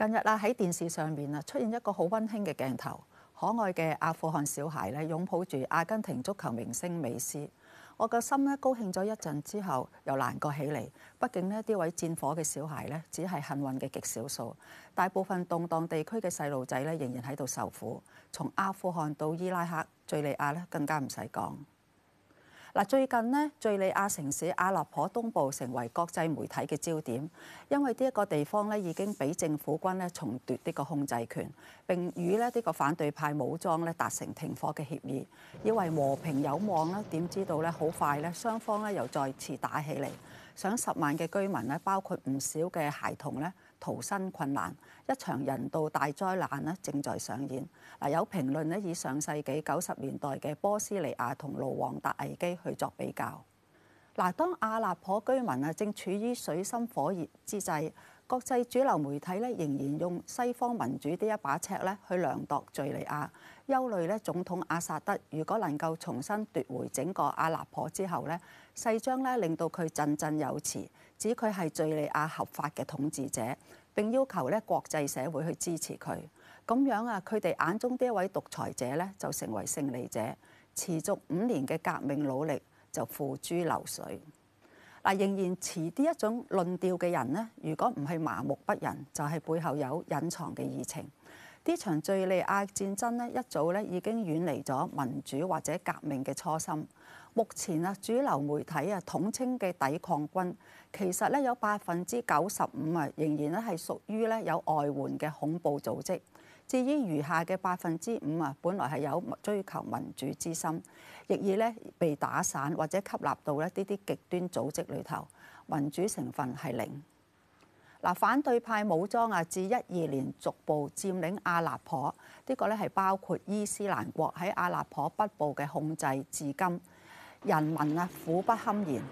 近日啦，喺電視上面啊出現一個好溫馨嘅鏡頭，可愛嘅阿富汗小孩咧擁抱住阿根廷足球明星美斯。我個心咧高興咗一陣之後又難過起嚟，畢竟呢啲位戰火嘅小孩咧只係幸運嘅極少數，大部分動盪地區嘅細路仔咧仍然喺度受苦，從阿富汗到伊拉克、敘利亞咧更加唔使講。嗱，最近咧，敍利亞城市阿勒頗東部成為國際媒體嘅焦點，因為呢一個地方咧已經俾政府軍咧重奪呢個控制權，並與咧呢個反對派武裝咧達成停火嘅協議，以為和平有望啦。點知道咧，好快咧，雙方咧又再次打起嚟，上十萬嘅居民咧，包括唔少嘅孩童咧，逃生困難，一場人道大災難咧正在上演。嗱，有評論咧以上世紀九十年代嘅波斯尼亞同盧旺達危機去作比較。嗱，當阿勒頗居民啊正處於水深火熱之際，國際主流媒體咧仍然用西方民主呢一把尺咧去量度敍利亞，憂慮咧總統阿薩德如果能夠重新奪回整個阿勒頗之後咧，勢將咧令到佢振振有詞。指佢係敍利亞合法嘅統治者，並要求咧國際社會去支持佢。咁樣啊，佢哋眼中呢一位獨裁者咧，就成為勝利者。持續五年嘅革命努力就付諸流水。嗱，仍然持呢一種論調嘅人呢，如果唔係麻木不仁，就係、是、背後有隱藏嘅議程。呢場敍利亞戰爭咧，一早咧已經遠離咗民主或者革命嘅初心。目前啊，主流媒體啊統稱嘅抵抗軍，其實咧有百分之九十五啊仍然咧係屬於咧有外援嘅恐怖組織。至於餘下嘅百分之五啊，本來係有追求民主之心，亦已咧被打散或者吸納到咧呢啲極端組織裏頭，民主成分係零。嗱，反對派武裝啊，自一二年逐步佔領阿勒頗，呢個咧係包括伊斯蘭國喺阿勒頗北部嘅控制，至今人民啊苦不堪言，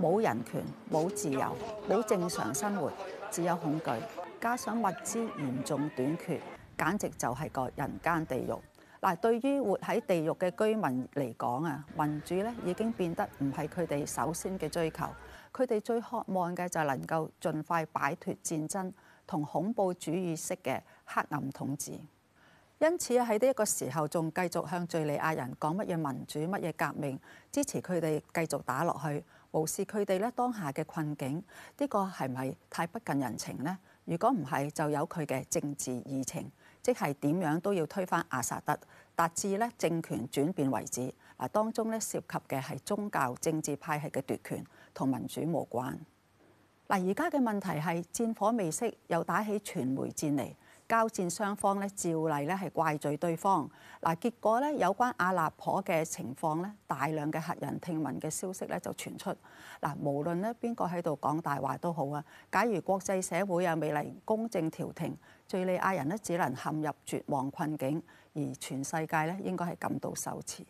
冇人權、冇自由、冇正常生活，只有恐懼，加上物資嚴重短缺，簡直就係個人間地獄。嗱，對於活喺地獄嘅居民嚟講啊，民主咧已經變得唔係佢哋首先嘅追求。佢哋最渴望嘅就係能夠盡快擺脫戰爭同恐怖主義式嘅黑暗統治。因此喺呢一個時候，仲繼續向敘利亞人講乜嘢民主，乜嘢革命，支持佢哋繼續打落去，無視佢哋咧當下嘅困境，呢個係咪太不近人情呢？如果唔係，就有佢嘅政治議程，即係點樣都要推翻阿薩德，達至咧政權轉變為止。嗱，當中咧涉及嘅係宗教、政治派系嘅奪權。同民主無關。嗱，而家嘅問題係戰火未熄，又打起傳媒戰嚟，交戰雙方咧照例咧係怪罪對方。嗱，結果咧有關阿勒頗嘅情況咧，大量嘅駭人聽聞嘅消息咧就傳出。嗱，無論咧邊個喺度講大話都好啊。假如國際社會啊未嚟公正調停，敍利亞人咧只能陷入絕望困境，而全世界咧應該係感到羞恥。